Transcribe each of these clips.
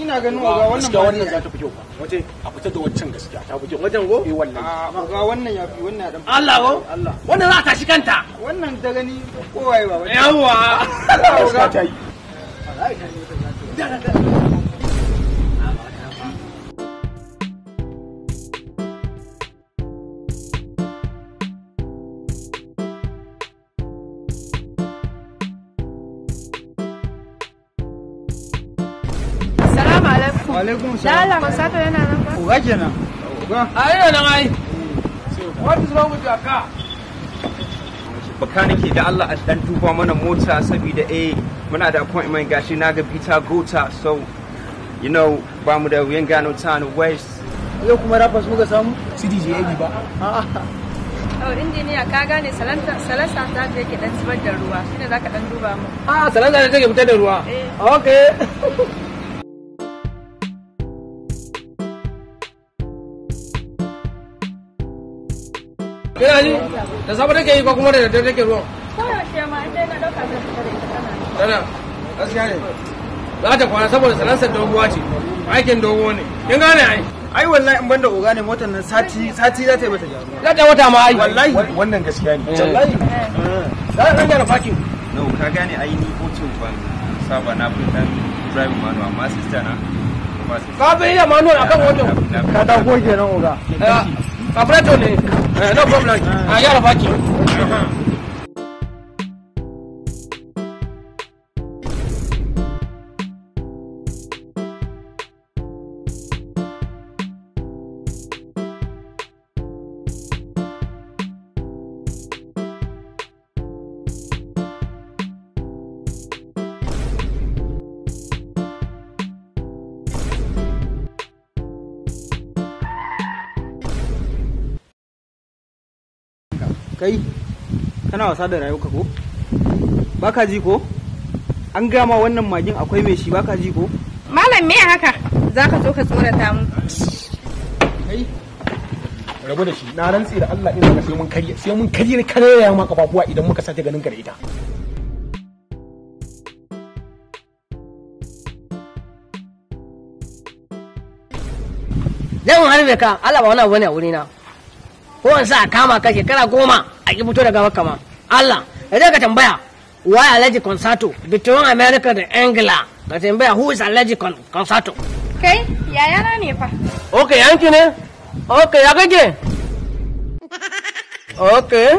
ina ganin ga wannan ba wannan za ta fi kyau wace a fita da waccan gaskiya ta fi wajen go eh wallahi ah, ga wannan ya fi wannan dan Allah go Allah wannan za ta shi kanta wannan da gani kowaye ba yawa ga ta yi da da alaikum salam Allah masata yana nan ba uga kenan uga a yana nan ai what is wrong with your car baka nake da Allah a dan tuba mana mota saboda eh muna da appointment gashi na ga Peter Gota so you know ba mu da wuyan gano town west yau kuma rafas muka samu CDJ AB ba ah. Oh, injiniya ka gane salasa ta da yake dan zubar da ruwa shine zaka dan duba mu. Ah, salasa ne take fitar da ruwa. Eh. Ah, okay. Kina ji? Da safe take yi ko kuma da daddare take ruwan? Koyaushe ma sai na ɗauka ta tana. Tana, gaskiya ne. Za ta kwana saboda salansar doguwa ce, aikin dogo ne. Kin gane ai? ai wallahi in banda oga ne motar nan sati sati za ta yi mata gyaru za ta wata ma ai wallahi wannan gaskiya ne eh. wallahi eh. za ta gyara fakin no ka gane ai ni hotun ban saba na fi dan drive manual amma sister na ka bi iya manual akan hotun ka dago kenan oga eh. Carburetor ne. Eh, no problem. I hear about you. kai kana wasa da rayuwa ko baka ji ko an gama wannan magin akwai mai shi baka ji ko malam me haka zaka zo ka tsorata mu kai rabu da shi na rantsi da Allah ina ga sai mun kariya sai mun karye ne ya ma kafafuwa idan muka sace ganin ka da ita zan harbe ka Allah ba wani abu ne a wurina ko in sa kama ka shekara goma a ki fito daga makama Allah idan ka tambaya why allergic concerto between America da ingila ka tambaya who is allergic concerto kai ya yana ne fa okay yanki ne okay ya kake okay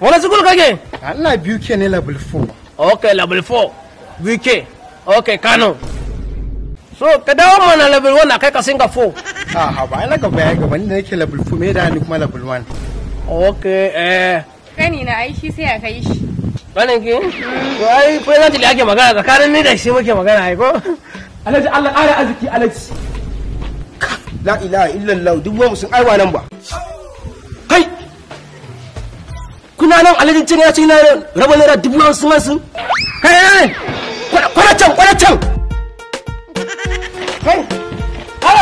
wani sukul kake Allah biyu ke ne level 4 okay level 4 wike okay kano so ka dawo mana level 1 a kai ka singapore a ah, haba ina ga ya ga ni yake level 4 me da ni kuma level 1 okay eh kani na ai shi sai a kai shi wannan ke to ai penalty da ake magana ka karin ni da shi muke magana ai ko alaji Allah ara arziki alaji la ilaha illallah duk mu sun aiwa nan ba kai kuna nan alaji cin ya cin na rabon naira dubu hamsin sun kai kai kwana can kwana can